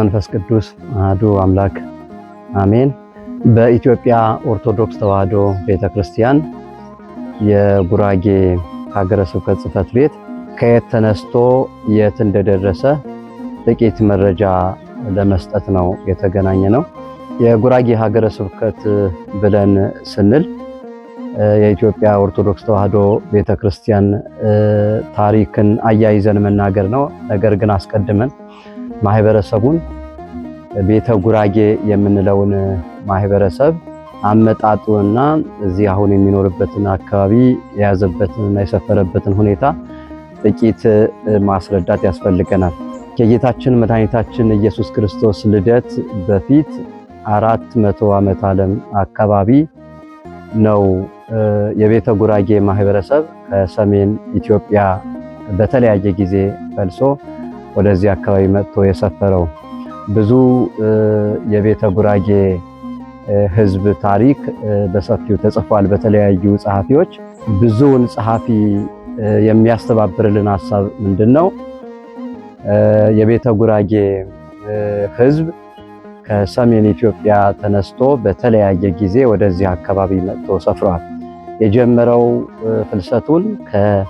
መንፈስ ቅዱስ አህዱ አምላክ አሜን። በኢትዮጵያ ኦርቶዶክስ ተዋህዶ ቤተክርስቲያን የጉራጌ ሀገረ ስብከት ጽሕፈት ቤት ከየት ተነስቶ የት እንደደረሰ ጥቂት መረጃ ለመስጠት ነው የተገናኘ ነው። የጉራጌ ሀገረ ስብከት ብለን ስንል የኢትዮጵያ ኦርቶዶክስ ተዋህዶ ቤተክርስቲያን ታሪክን አያይዘን መናገር ነው። ነገር ግን አስቀድመን ማህበረሰቡን ቤተ ጉራጌ የምንለውን ማህበረሰብ አመጣጡና እዚህ አሁን የሚኖርበትን አካባቢ የያዘበትንና የሰፈረበትን ሁኔታ ጥቂት ማስረዳት ያስፈልገናል። ከጌታችን መድኃኒታችን ኢየሱስ ክርስቶስ ልደት በፊት አራት መቶ ዓመት ዓለም አካባቢ ነው የቤተ ጉራጌ ማህበረሰብ ከሰሜን ኢትዮጵያ በተለያየ ጊዜ ፈልሶ ወደዚህ አካባቢ መጥቶ የሰፈረው ብዙ የቤተ ጉራጌ ህዝብ ታሪክ በሰፊው ተጽፏል በተለያዩ ጸሐፊዎች። ብዙውን ጸሐፊ የሚያስተባብርልን ሀሳብ ምንድን ነው? የቤተ ጉራጌ ህዝብ ከሰሜን ኢትዮጵያ ተነስቶ በተለያየ ጊዜ ወደዚህ አካባቢ መጥቶ ሰፍሯል። የጀመረው ፍልሰቱን ከ?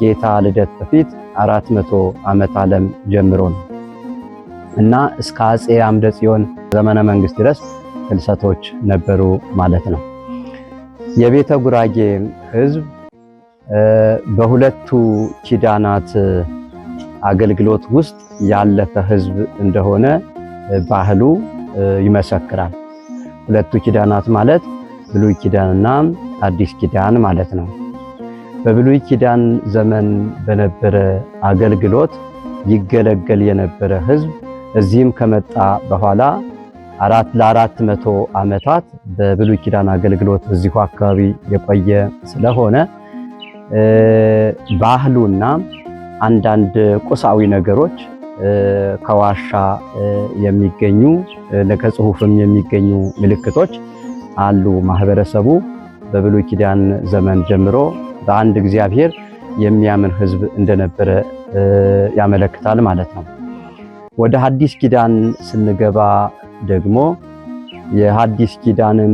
ጌታ ልደት በፊት 400 ዓመት ዓለም ጀምሮ ነው እና እስከ አጼ አምደ ጽዮን ዘመነ መንግስት ድረስ ፍልሰቶች ነበሩ ማለት ነው። የቤተ ጉራጌ ህዝብ በሁለቱ ኪዳናት አገልግሎት ውስጥ ያለፈ ህዝብ እንደሆነ ባህሉ ይመሰክራል። ሁለቱ ኪዳናት ማለት ብሉይ ኪዳንና አዲስ ኪዳን ማለት ነው። በብሉይ ኪዳን ዘመን በነበረ አገልግሎት ይገለገል የነበረ ሕዝብ እዚህም ከመጣ በኋላ አራት ለአራት መቶ ዓመታት በብሉይ ኪዳን አገልግሎት እዚሁ አካባቢ የቆየ ስለሆነ ባህሉና አንዳንድ ቁሳዊ ነገሮች ከዋሻ የሚገኙ ከጽሑፍም የሚገኙ ምልክቶች አሉ። ማህበረሰቡ በብሉይ ኪዳን ዘመን ጀምሮ በአንድ እግዚአብሔር የሚያምን ህዝብ እንደነበረ ያመለክታል ማለት ነው። ወደ ሐዲስ ኪዳን ስንገባ ደግሞ የሐዲስ ኪዳንን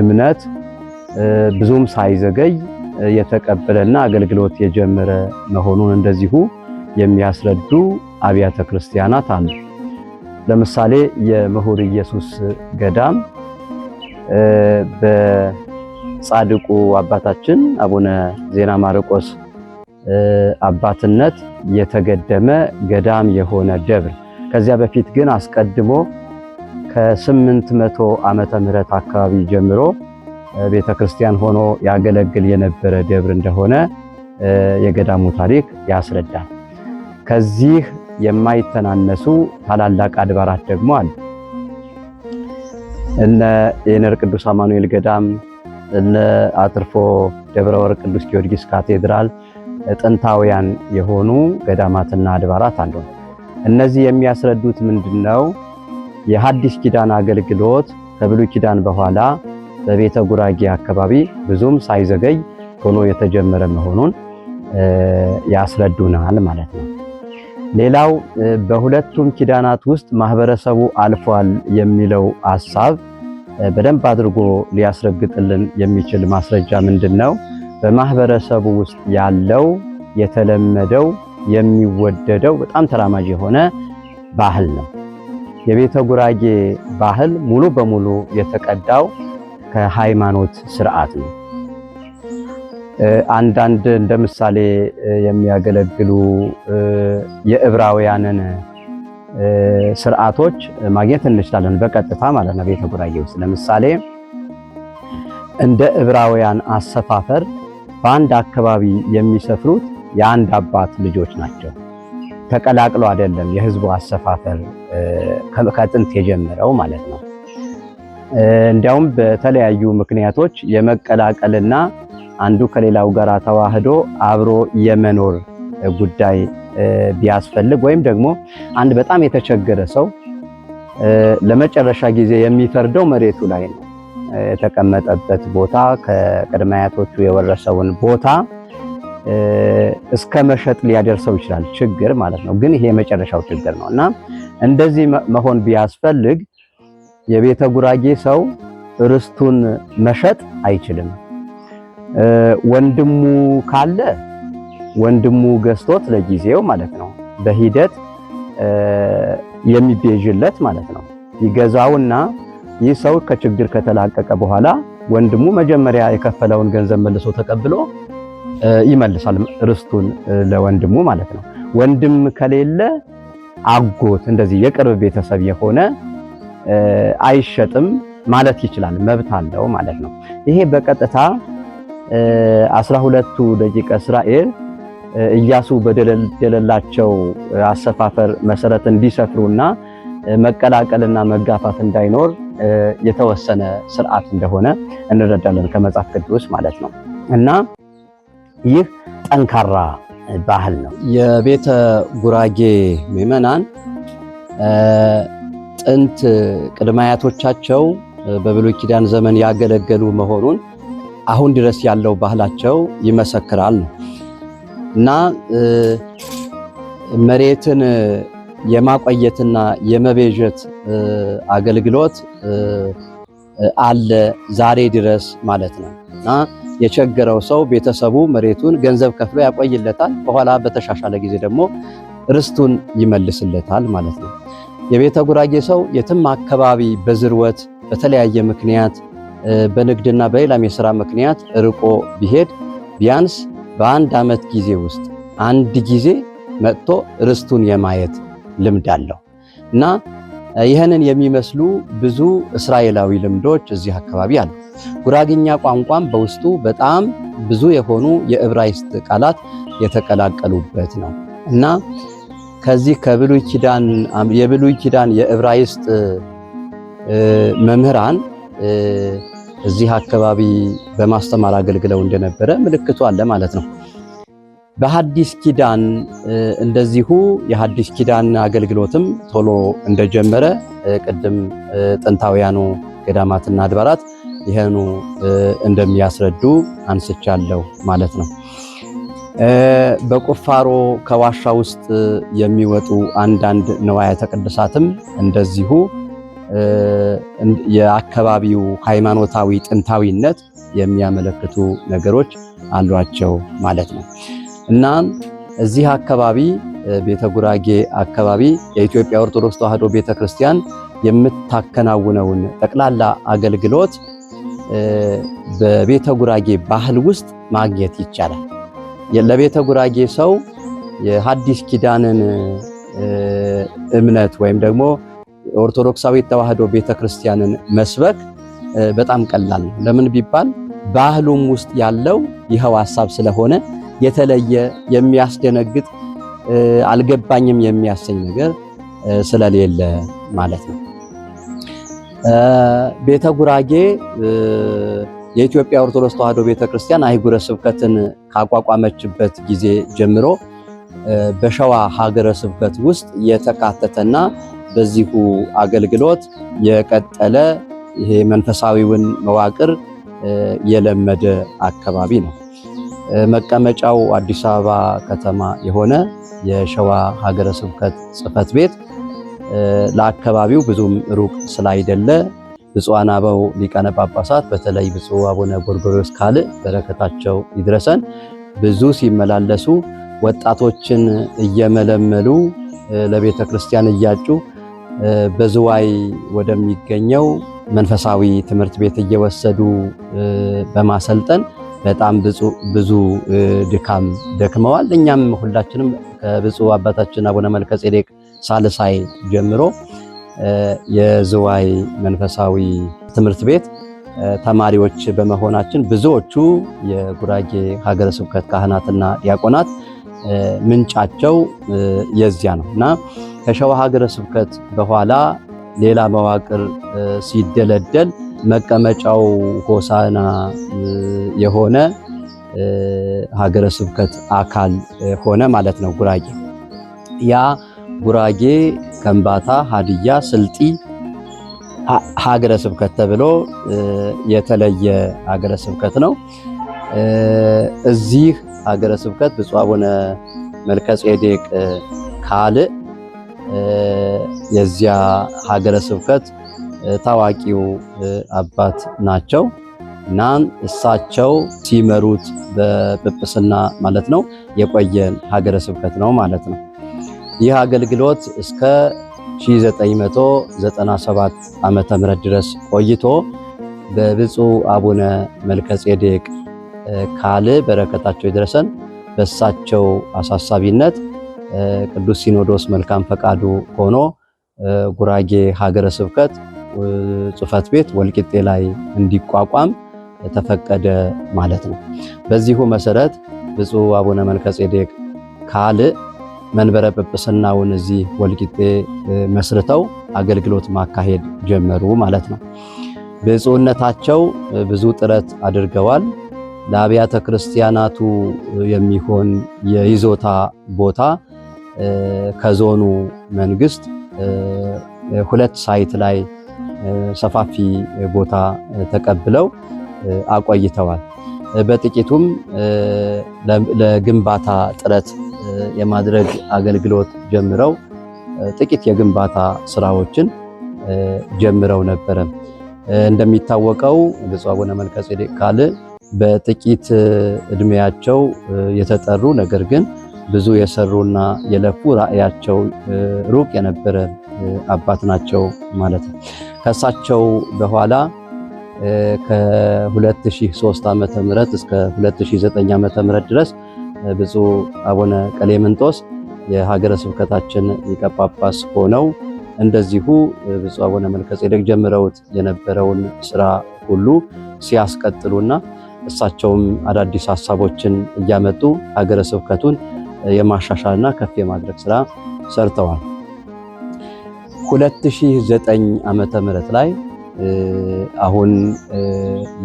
እምነት ብዙም ሳይዘገይ የተቀበለና አገልግሎት የጀመረ መሆኑን እንደዚሁ የሚያስረዱ አብያተ ክርስቲያናት አሉ። ለምሳሌ የምሁር ኢየሱስ ገዳም ጻድቁ አባታችን አቡነ ዜና ማርቆስ አባትነት የተገደመ ገዳም የሆነ ደብር ከዚያ በፊት ግን አስቀድሞ ከ መቶ ዓመተ ምህረት አካባቢ ጀምሮ ቤተ ክርስቲያን ሆኖ ያገለግል የነበረ ደብር እንደሆነ የገዳሙ ታሪክ ያስረዳል። ከዚህ የማይተናነሱ ታላላቅ አድባራት ደግሞ አሉ። እነ የነር ቅዱስ አማኑኤል ገዳም እነ አትርፎ ደብረ ወርቅ ቅዱስ ጊዮርጊስ ካቴድራል ጥንታውያን የሆኑ ገዳማትና አድባራት አንዱ ነው። እነዚህ የሚያስረዱት ምንድነው? የሐዲስ ኪዳን አገልግሎት ከብሉይ ኪዳን በኋላ በቤተ ጉራጌ አካባቢ ብዙም ሳይዘገይ ሆኖ የተጀመረ መሆኑን ያስረዱናል ማለት ነው። ሌላው በሁለቱም ኪዳናት ውስጥ ማህበረሰቡ አልፏል የሚለው ሐሳብ በደንብ አድርጎ ሊያስረግጥልን የሚችል ማስረጃ ምንድን ነው? በማህበረሰቡ ውስጥ ያለው የተለመደው የሚወደደው በጣም ተራማጅ የሆነ ባህል ነው። የቤተ ጉራጌ ባህል ሙሉ በሙሉ የተቀዳው ከሃይማኖት ስርዓት ነው። አንዳንድ እንደ ምሳሌ የሚያገለግሉ የዕብራውያንን ስርዓቶች ማግኘት እንችላለን፣ በቀጥታ ማለት ነው። ቤተ ጉራጌ ውስጥ ለምሳሌ እንደ ዕብራውያን አሰፋፈር በአንድ አካባቢ የሚሰፍሩት የአንድ አባት ልጆች ናቸው። ተቀላቅሎ አይደለም የህዝቡ አሰፋፈር ከጥንት የጀመረው ማለት ነው። እንዲያውም በተለያዩ ምክንያቶች የመቀላቀልና አንዱ ከሌላው ጋር ተዋህዶ አብሮ የመኖር ጉዳይ ቢያስፈልግ ወይም ደግሞ አንድ በጣም የተቸገረ ሰው ለመጨረሻ ጊዜ የሚፈርደው መሬቱ ላይ ነው። የተቀመጠበት ቦታ ከቅድመ አያቶቹ የወረሰውን ቦታ እስከ መሸጥ ሊያደርሰው ይችላል። ችግር ማለት ነው። ግን ይሄ የመጨረሻው ችግር ነው እና እንደዚህ መሆን ቢያስፈልግ የቤተ ጉራጌ ሰው ርስቱን መሸጥ አይችልም። ወንድሙ ካለ ወንድሙ ገዝቶት ለጊዜው ማለት ነው። በሂደት የሚቤዥለት ማለት ነው። ይገዛውና ይህ ሰው ከችግር ከተላቀቀ በኋላ ወንድሙ መጀመሪያ የከፈለውን ገንዘብ መልሶ ተቀብሎ ይመልሳል ርስቱን ለወንድሙ ማለት ነው። ወንድም ከሌለ አጎት እንደዚህ የቅርብ ቤተሰብ የሆነ አይሸጥም ማለት ይችላል። መብት አለው ማለት ነው። ይሄ በቀጥታ አስራ ሁለቱ ደቂቀ እስራኤል እያሱ በደለላቸው አሰፋፈር መሰረት እንዲሰፍሩና መቀላቀልና መጋፋት እንዳይኖር የተወሰነ ስርዓት እንደሆነ እንረዳለን ከመጽሐፍ ቅዱስ ማለት ነው። እና ይህ ጠንካራ ባህል ነው። የቤተ ጉራጌ ምዕመናን ጥንት ቅድማያቶቻቸው አያቶቻቸው በብሉይ ኪዳን ዘመን ያገለገሉ መሆኑን አሁን ድረስ ያለው ባህላቸው ይመሰክራል። እና መሬትን የማቆየትና የመቤዠት አገልግሎት አለ ዛሬ ድረስ ማለት ነው እና የቸገረው ሰው ቤተሰቡ መሬቱን ገንዘብ ከፍሎ ያቆይለታል። በኋላ በተሻሻለ ጊዜ ደግሞ ርስቱን ይመልስለታል ማለት ነው። የቤተ ጉራጌ ሰው የትም አካባቢ በዝርወት በተለያየ ምክንያት በንግድና በሌላም የስራ ምክንያት ርቆ ቢሄድ ቢያንስ በአንድ ዓመት ጊዜ ውስጥ አንድ ጊዜ መጥቶ ርስቱን የማየት ልምድ አለው እና ይህንን የሚመስሉ ብዙ እስራኤላዊ ልምዶች እዚህ አካባቢ አሉ። ጉራግኛ ቋንቋም በውስጡ በጣም ብዙ የሆኑ የዕብራይስጥ ቃላት የተቀላቀሉበት ነው እና ከዚህ ከብሉይ ኪዳን የብሉይ ኪዳን የዕብራይስጥ መምህራን እዚህ አካባቢ በማስተማር አገልግለው እንደነበረ ምልክቱ አለ ማለት ነው። በሐዲስ ኪዳን እንደዚሁ የሐዲስ ኪዳን አገልግሎትም ቶሎ እንደጀመረ ቅድም ጥንታውያኑ ገዳማትና አድባራት ይሄኑ እንደሚያስረዱ አንስቻለሁ ማለት ነው። በቁፋሮ ከዋሻ ውስጥ የሚወጡ አንዳንድ ንዋያተ ቅድሳትም እንደዚሁ የአካባቢው ሃይማኖታዊ ጥንታዊነት የሚያመለክቱ ነገሮች አሏቸው ማለት ነው። እናም እዚህ አካባቢ ቤተ ጉራጌ አካባቢ የኢትዮጵያ ኦርቶዶክስ ተዋሕዶ ቤተ ክርስቲያን የምታከናውነውን ጠቅላላ አገልግሎት በቤተ ጉራጌ ባህል ውስጥ ማግኘት ይቻላል። ለቤተ ጉራጌ ሰው የሐዲስ ኪዳንን እምነት ወይም ደግሞ ኦርቶዶክሳዊ ተዋህዶ ቤተክርስቲያንን መስበክ በጣም ቀላል ነው። ለምን ቢባል ባህሉም ውስጥ ያለው ይኸው ሀሳብ ስለሆነ የተለየ የሚያስደነግጥ አልገባኝም የሚያሰኝ ነገር ስለሌለ ማለት ነው። ቤተ ጉራጌ የኢትዮጵያ ኦርቶዶክስ ተዋህዶ ቤተክርስቲያን አህጉረ ስብከትን ካቋቋመችበት ጊዜ ጀምሮ በሸዋ ሀገረ ስብከት ውስጥ የተካተተና በዚሁ አገልግሎት የቀጠለ ይሄ መንፈሳዊውን መዋቅር የለመደ አካባቢ ነው። መቀመጫው አዲስ አበባ ከተማ የሆነ የሸዋ ሀገረ ስብከት ጽሕፈት ቤት ለአካባቢው ብዙም ሩቅ ስላይደለ ብፁዓን አበው ሊቃነ ጳጳሳት በተለይ ብፁዕ አቡነ ጎርጎርዮስ ካልዕ በረከታቸው ይድረሰን ብዙ ሲመላለሱ ወጣቶችን እየመለመሉ ለቤተ ክርስቲያን እያጩ በዝዋይ ወደሚገኘው መንፈሳዊ ትምህርት ቤት እየወሰዱ በማሰልጠን በጣም ብዙ ድካም ደክመዋል። እኛም ሁላችንም ከብፁዕ አባታችን አቡነ መልከጼዴቅ ሳልሳይ ጀምሮ የዝዋይ መንፈሳዊ ትምህርት ቤት ተማሪዎች በመሆናችን ብዙዎቹ የጉራጌ ሀገረ ስብከት ካህናትና ዲያቆናት ምንጫቸው የዚያ ነው እና ከሸዋ ሀገረ ስብከት በኋላ ሌላ መዋቅር ሲደለደል መቀመጫው ሆሳና የሆነ ሀገረ ስብከት አካል ሆነ ማለት ነው። ጉራጌ ያ ጉራጌ ከምባታ፣ ሀዲያ፣ ስልጢ ሀገረ ስብከት ተብሎ የተለየ ሀገረ ስብከት ነው። እዚህ ሀገረ ስብከት ብፁዕ አቡነ መልከጼዴቅ ጼዴቅ ካልእ የዚያ ሀገረ ስብከት ታዋቂው አባት ናቸው እና እሳቸው ሲመሩት በጵጵስና ማለት ነው የቆየ ሀገረ ስብከት ነው ማለት ነው። ይህ አገልግሎት እስከ 1997 ዓ ምህረት ድረስ ቆይቶ በብፁዕ አቡነ መልከጼዴቅ ካል በረከታቸው ይድረሰን። በሳቸው አሳሳቢነት ቅዱስ ሲኖዶስ መልካም ፈቃዱ ሆኖ ጉራጌ ሀገረ ስብከት ጽሕፈት ቤት ወልቂጤ ላይ እንዲቋቋም ተፈቀደ ማለት ነው። በዚሁ መሰረት ብፁዕ አቡነ መልከጼዴቅ ካል መንበረ ጵጵስናውን እዚህ ወልቂጤ መስርተው አገልግሎት ማካሄድ ጀመሩ ማለት ነው። ብፁዕነታቸው ብዙ ጥረት አድርገዋል። ለአብያተ ክርስቲያናቱ የሚሆን የይዞታ ቦታ ከዞኑ መንግስት ሁለት ሳይት ላይ ሰፋፊ ቦታ ተቀብለው አቆይተዋል። በጥቂቱም ለግንባታ ጥረት የማድረግ አገልግሎት ጀምረው ጥቂት የግንባታ ስራዎችን ጀምረው ነበረ። እንደሚታወቀው ብፁዕ አቡነ መልከ ካል በጥቂት እድሜያቸው የተጠሩ ነገር ግን ብዙ የሰሩና የለፉ ራዕያቸው ሩቅ የነበረ አባት ናቸው ማለት ነው። ከእሳቸው በኋላ ከ2003 ዓ ም እስከ 2009 ዓ ም ድረስ ብፁዕ አቡነ ቀሌምንጦስ የሀገረ ስብከታችን ሊቀ ጳጳስ ሆነው እንደዚሁ ብፁዕ አቡነ መልከ ጀምረውት የነበረውን ስራ ሁሉ ሲያስቀጥሉና እሳቸውም አዳዲስ ሀሳቦችን እያመጡ ሀገረ ስብከቱን የማሻሻልና ከፍ የማድረግ ስራ ሰርተዋል። 2009 ዓመተ ምህረት ላይ አሁን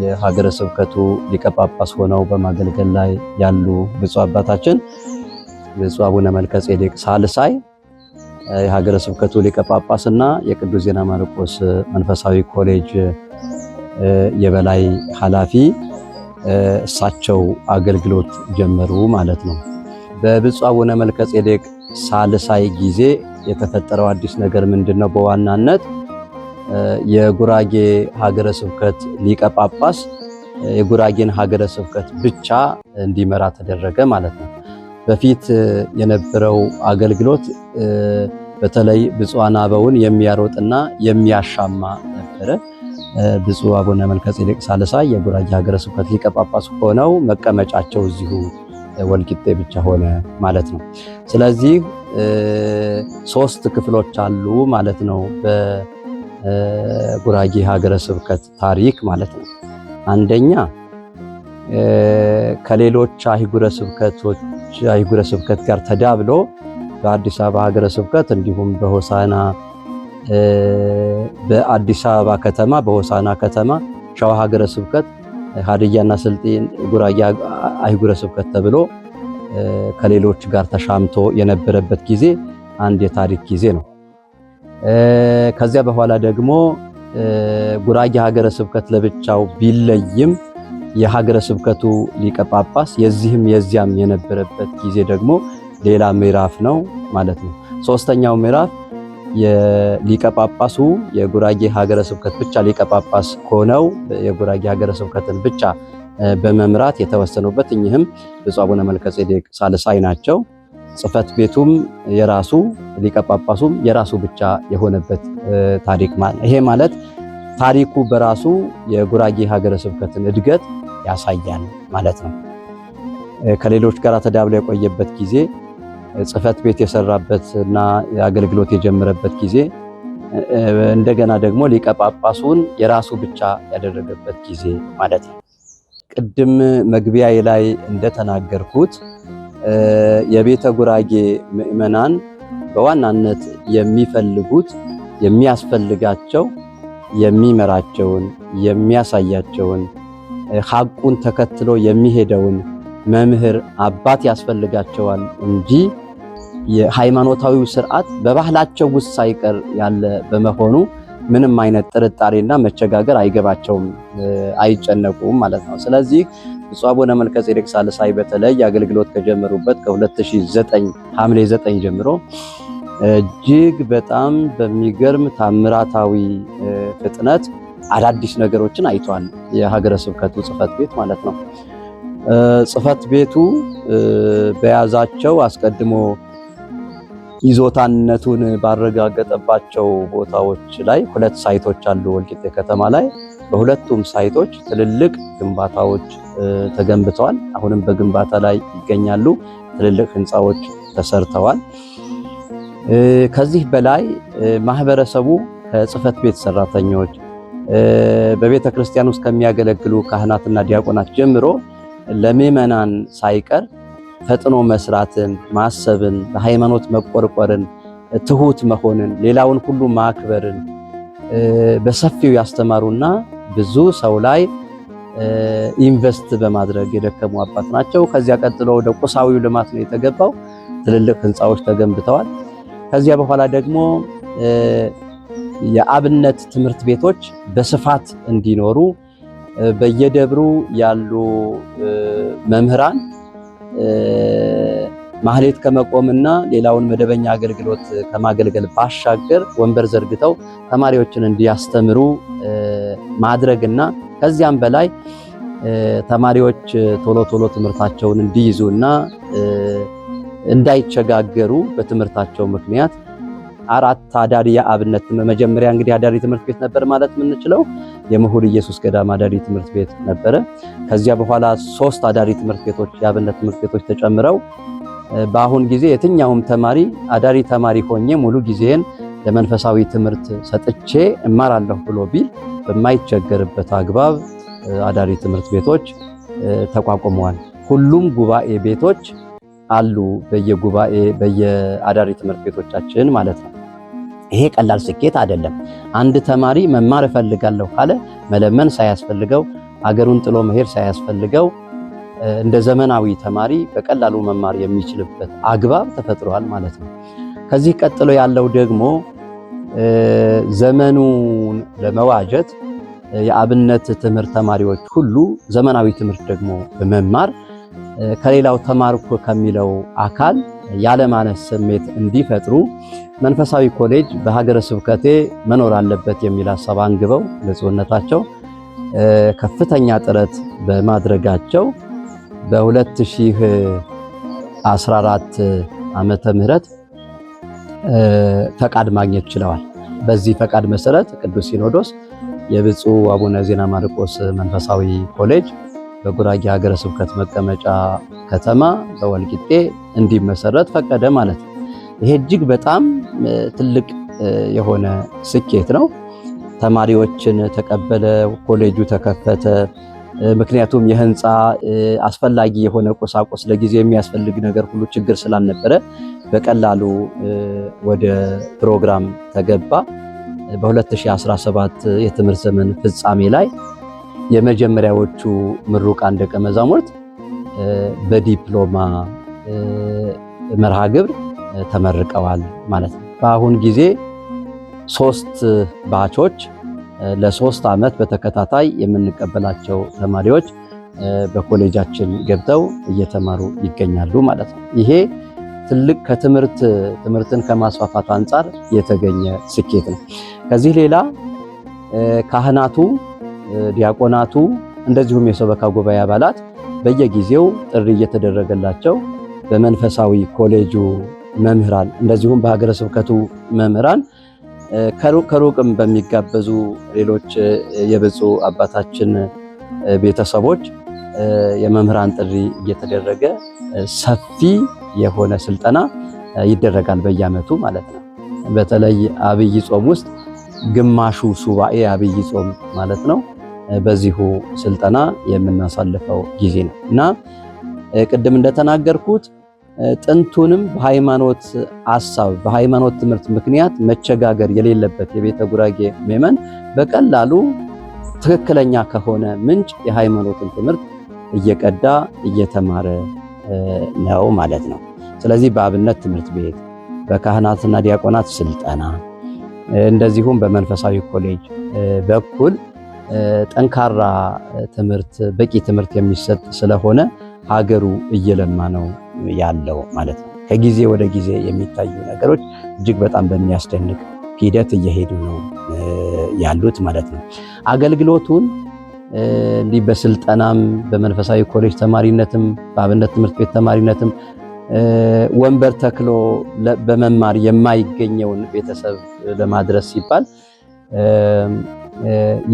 የሀገረ ስብከቱ ሊቀ ጳጳስ ሆነው በማገልገል ላይ ያሉ ብፁዕ አባታችን ብፁዕ አቡነ መልከጼዴቅ ጼዴቅ ሳልሳይ የሀገረ ስብከቱ ሊቀ ጳጳስ እና የቅዱስ ዜና ማርቆስ መንፈሳዊ ኮሌጅ የበላይ ኃላፊ እሳቸው አገልግሎት ጀመሩ ማለት ነው። በብፁዕ አቡነ መልከ ጼዴቅ ሳልሳይ ጊዜ የተፈጠረው አዲስ ነገር ምንድን ነው? በዋናነት የጉራጌ ሀገረ ስብከት ሊቀ ጳጳስ የጉራጌን ሀገረ ስብከት ብቻ እንዲመራ ተደረገ ማለት ነው። በፊት የነበረው አገልግሎት በተለይ ብፁዓን አበውን የሚያሮጥና የሚያሻማ ነበረ። ብፁዕ አቡነ መልከ ጼዴቅ ሳልሳይ የጉራጌ ሀገረ ስብከት ሊቀ ጳጳስ ሆነው መቀመጫቸው እዚሁ ወልቂጤ ብቻ ሆነ ማለት ነው። ስለዚህ ሶስት ክፍሎች አሉ ማለት ነው በጉራጌ ሀገረ ስብከት ታሪክ ማለት ነው። አንደኛ ከሌሎች አህጉረ ስብከቶች አህጉረ ስብከት ጋር ተዳብሎ በአዲስ አበባ ሀገረ ስብከት እንዲሁም በሆሳና በአዲስ አበባ ከተማ በሆሳና ከተማ ሸዋ ሀገረ ስብከት ሀድያና ስልጤን ጉራጌ አህጉረ ስብከት ተብሎ ከሌሎች ጋር ተሻምቶ የነበረበት ጊዜ አንድ የታሪክ ጊዜ ነው። ከዚያ በኋላ ደግሞ ጉራጌ ሀገረ ስብከት ለብቻው ቢለይም የሀገረ ስብከቱ ሊቀ ጳጳስ የዚህም የዚያም የነበረበት ጊዜ ደግሞ ሌላ ምዕራፍ ነው ማለት ነው። ሶስተኛው ምዕራፍ የሊቀ ጳጳሱ የጉራጌ ሀገረ ስብከት ብቻ ሊቀ ጳጳስ ሆነው የጉራጌ ሀገረ ስብከትን ብቻ በመምራት የተወሰኑበት እኚህም ብፁዕ አቡነ መልከጼዴቅ ሳልሳይ ናቸው። ጽፈት ቤቱም የራሱ ሊቀ ጳጳሱም የራሱ ብቻ የሆነበት ታሪክ ማለት ይሄ ማለት ታሪኩ በራሱ የጉራጌ ሀገረ ስብከትን እድገት ያሳያል ማለት ነው። ከሌሎች ጋር ተዳብሎ የቆየበት ጊዜ ጽህፈት ቤት የሰራበት እና አገልግሎት የጀመረበት ጊዜ እንደገና ደግሞ ሊቀ ጳጳሱን የራሱ ብቻ ያደረገበት ጊዜ ማለት ነው። ቅድም መግቢያዬ ላይ እንደተናገርኩት የቤተ ጉራጌ ምዕመናን በዋናነት የሚፈልጉት የሚያስፈልጋቸው የሚመራቸውን የሚያሳያቸውን ሐቁን ተከትሎ የሚሄደውን መምህር አባት ያስፈልጋቸዋል እንጂ የሃይማኖታዊ ስርዓት በባህላቸው ውስጥ ሳይቀር ያለ በመሆኑ ምንም አይነት ጥርጣሬና መቸጋገር አይገባቸውም፣ አይጨነቁም ማለት ነው። ስለዚህ ብፁዕ አቡነ መልከጼዴቅ ሳልሳይ በተለይ አገልግሎት ከጀመሩበት ከ2009 ሐምሌ 9 ጀምሮ እጅግ በጣም በሚገርም ታምራታዊ ፍጥነት አዳዲስ ነገሮችን አይቷል። የሀገረ ስብከቱ ጽሕፈት ቤት ማለት ነው። ጽፈት ቤቱ በያዛቸው አስቀድሞ ይዞታነቱን ባረጋገጠባቸው ቦታዎች ላይ ሁለት ሳይቶች አሉ ወልቂጤ ከተማ ላይ። በሁለቱም ሳይቶች ትልልቅ ግንባታዎች ተገንብተዋል። አሁንም በግንባታ ላይ ይገኛሉ። ትልልቅ ህንፃዎች ተሰርተዋል። ከዚህ በላይ ማህበረሰቡ ከጽህፈት ቤት ሰራተኞች በቤተ ክርስቲያን ውስጥ ከሚያገለግሉ ካህናትና ዲያቆናት ጀምሮ ለምእመናን ሳይቀር ፈጥኖ መስራትን፣ ማሰብን፣ በሃይማኖት መቆርቆርን፣ ትሁት መሆንን፣ ሌላውን ሁሉ ማክበርን በሰፊው ያስተማሩና ብዙ ሰው ላይ ኢንቨስት በማድረግ የደከሙ አባት ናቸው። ከዚያ ቀጥሎ ወደ ቁሳዊው ልማት ነው የተገባው። ትልልቅ ህንፃዎች ተገንብተዋል። ከዚያ በኋላ ደግሞ የአብነት ትምህርት ቤቶች በስፋት እንዲኖሩ በየደብሩ ያሉ መምህራን ማህሌት ከመቆምና ሌላውን መደበኛ አገልግሎት ከማገልገል ባሻገር ወንበር ዘርግተው ተማሪዎችን እንዲያስተምሩ ማድረግና ከዚያም በላይ ተማሪዎች ቶሎ ቶሎ ትምህርታቸውን እንዲይዙና እንዳይቸጋገሩ በትምህርታቸው ምክንያት አራት አዳሪ የአብነት መጀመሪያ እንግዲህ አዳሪ ትምህርት ቤት ነበር ማለት የምንችለው የምሁር ኢየሱስ ገዳም አዳሪ ትምህርት ቤት ነበረ። ከዚያ በኋላ ሶስት አዳሪ ትምህርት ቤቶች የአብነት ትምህርት ቤቶች ተጨምረው በአሁን ጊዜ የትኛውም ተማሪ አዳሪ ተማሪ ሆኜ ሙሉ ጊዜን ለመንፈሳዊ ትምህርት ሰጥቼ እማራለሁ ብሎ ቢል በማይቸገርበት አግባብ አዳሪ ትምህርት ቤቶች ተቋቁመዋል። ሁሉም ጉባኤ ቤቶች አሉ። በየጉባኤ በየአዳሪ ትምህርት ቤቶቻችን ማለት ነው። ይሄ ቀላል ስኬት አይደለም። አንድ ተማሪ መማር እፈልጋለሁ ካለ መለመን ሳያስፈልገው፣ አገሩን ጥሎ መሄድ ሳያስፈልገው እንደ ዘመናዊ ተማሪ በቀላሉ መማር የሚችልበት አግባብ ተፈጥሯል ማለት ነው። ከዚህ ቀጥሎ ያለው ደግሞ ዘመኑን ለመዋጀት የአብነት ትምህርት ተማሪዎች ሁሉ ዘመናዊ ትምህርት ደግሞ በመማር ከሌላው ተማርኩ ከሚለው አካል ያለማነስ ስሜት እንዲፈጥሩ መንፈሳዊ ኮሌጅ በሀገረ ስብከቴ መኖር አለበት የሚል ሀሳብ አንግበው ብፁዕነታቸው ከፍተኛ ጥረት በማድረጋቸው በ2014 ዓመተ ምህረት ፈቃድ ማግኘት ችለዋል። በዚህ ፈቃድ መሰረት ቅዱስ ሲኖዶስ የብፁዕ አቡነ ዜና ማርቆስ መንፈሳዊ ኮሌጅ በጉራጌ ሀገረ ስብከት መቀመጫ ከተማ በወልቂጤ እንዲመሰረት ፈቀደ ማለት ነው። ይሄ እጅግ በጣም ትልቅ የሆነ ስኬት ነው። ተማሪዎችን ተቀበለ፣ ኮሌጁ ተከፈተ። ምክንያቱም የህንፃ አስፈላጊ የሆነ ቁሳቁስ ለጊዜ የሚያስፈልግ ነገር ሁሉ ችግር ስላልነበረ በቀላሉ ወደ ፕሮግራም ተገባ። በ2017 የትምህርት ዘመን ፍጻሜ ላይ የመጀመሪያዎቹ ምሩቃን ደቀ መዛሙርት በዲፕሎማ መርሃ ግብር ተመርቀዋል ማለት ነው። በአሁን ጊዜ ሶስት ባቾች ለሶስት ዓመት በተከታታይ የምንቀበላቸው ተማሪዎች በኮሌጃችን ገብተው እየተማሩ ይገኛሉ ማለት ነው። ይሄ ትልቅ ከትምህርት ትምህርትን ከማስፋፋት አንጻር የተገኘ ስኬት ነው። ከዚህ ሌላ ካህናቱ ዲያቆናቱ እንደዚሁም የሰበካ ጉባኤ አባላት በየጊዜው ጥሪ እየተደረገላቸው በመንፈሳዊ ኮሌጁ መምህራን እንደዚሁም በሀገረ ስብከቱ መምህራን ከሩቅ ከሩቅም በሚጋበዙ ሌሎች የብፁ አባታችን ቤተሰቦች የመምህራን ጥሪ እየተደረገ ሰፊ የሆነ ስልጠና ይደረጋል በየዓመቱ ማለት ነው። በተለይ አብይ ጾም ውስጥ ግማሹ ሱባኤ አብይ ጾም ማለት ነው በዚሁ ስልጠና የምናሳልፈው ጊዜ ነው እና ቅድም እንደተናገርኩት ጥንቱንም በሃይማኖት አሳብ በሃይማኖት ትምህርት ምክንያት መቸጋገር የሌለበት የቤተ ጉራጌ ምዕመን በቀላሉ ትክክለኛ ከሆነ ምንጭ የሃይማኖትን ትምህርት እየቀዳ እየተማረ ነው ማለት ነው። ስለዚህ በአብነት ትምህርት ቤት፣ በካህናትና ዲያቆናት ስልጠና እንደዚሁም በመንፈሳዊ ኮሌጅ በኩል ጠንካራ ትምህርት፣ በቂ ትምህርት የሚሰጥ ስለሆነ ሀገሩ እየለማ ነው ያለው ማለት ነው። ከጊዜ ወደ ጊዜ የሚታዩ ነገሮች እጅግ በጣም በሚያስደንቅ ሂደት እየሄዱ ነው ያሉት ማለት ነው። አገልግሎቱን እንዲህ በስልጠናም በመንፈሳዊ ኮሌጅ ተማሪነትም በአብነት ትምህርት ቤት ተማሪነትም ወንበር ተክሎ በመማር የማይገኘውን ቤተሰብ ለማድረስ ሲባል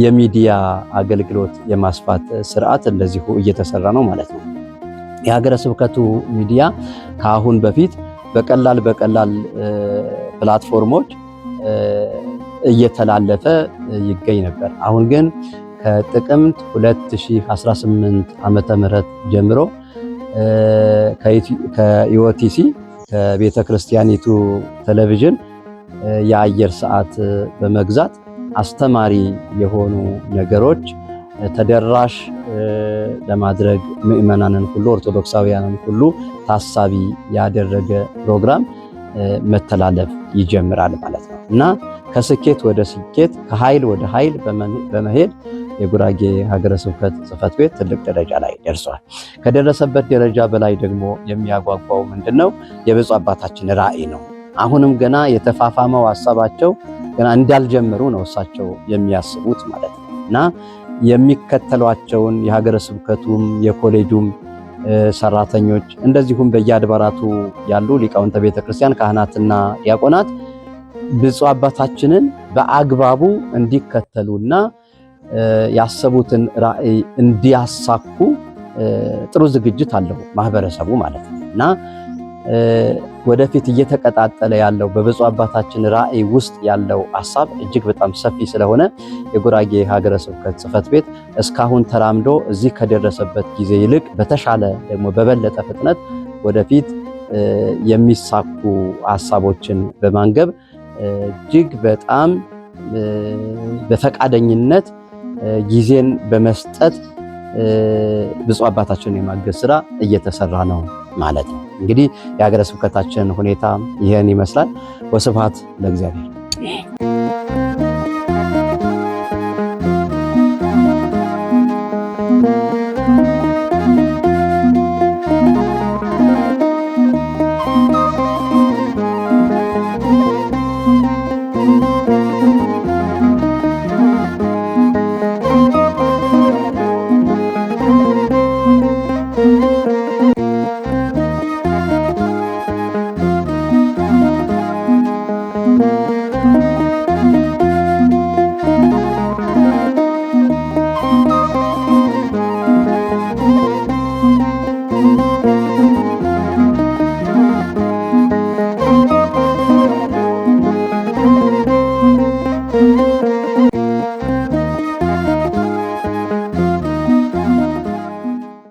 የሚዲያ አገልግሎት የማስፋት ስርዓት እንደዚሁ እየተሰራ ነው ማለት ነው። የሀገረ ስብከቱ ሚዲያ ከአሁን በፊት በቀላል በቀላል ፕላትፎርሞች እየተላለፈ ይገኝ ነበር። አሁን ግን ከጥቅምት 2018 ዓመተ ምህረት ጀምሮ ከኢኦቲሲ ከቤተ ክርስቲያኒቱ ቴሌቪዥን የአየር ሰዓት በመግዛት አስተማሪ የሆኑ ነገሮች ተደራሽ ለማድረግ ምእመናንን ሁሉ ኦርቶዶክሳውያንን ሁሉ ታሳቢ ያደረገ ፕሮግራም መተላለፍ ይጀምራል ማለት ነው እና ከስኬት ወደ ስኬት ከኃይል ወደ ኃይል በመሄድ የጉራጌ ሀገረ ስብከት ጽሕፈት ቤት ትልቅ ደረጃ ላይ ደርሷል። ከደረሰበት ደረጃ በላይ ደግሞ የሚያጓጓው ምንድን ነው? የብፁዕ አባታችን ራዕይ ነው። አሁንም ገና የተፋፋመው ሀሳባቸው ገና እንዳልጀመሩ ነው እሳቸው የሚያስቡት ማለት ነው እና የሚከተሏቸውን የሀገረ ስብከቱም የኮሌጁም ሰራተኞች እንደዚሁም በየአድባራቱ ያሉ ሊቃውንተ ቤተክርስቲያን ክርስቲያን ካህናትና ዲያቆናት ብፁዕ አባታችንን በአግባቡ እንዲከተሉና ያሰቡትን ራዕይ እንዲያሳኩ ጥሩ ዝግጅት አለው ማህበረሰቡ ማለት ነው እና ወደፊት እየተቀጣጠለ ያለው በብፁዕ አባታችን ራእይ ውስጥ ያለው ሀሳብ እጅግ በጣም ሰፊ ስለሆነ የጉራጌ ሀገረ ስብከት ጽሕፈት ቤት እስካሁን ተራምዶ እዚህ ከደረሰበት ጊዜ ይልቅ በተሻለ ደግሞ በበለጠ ፍጥነት ወደፊት የሚሳኩ ሀሳቦችን በማንገብ እጅግ በጣም በፈቃደኝነት ጊዜን በመስጠት ብፁ አባታችንን የማገዝ ስራ እየተሰራ ነው ማለት ነው። እንግዲህ የሀገረ ስብከታችን ሁኔታ ይህን ይመስላል። ወስብሐት ለእግዚአብሔር።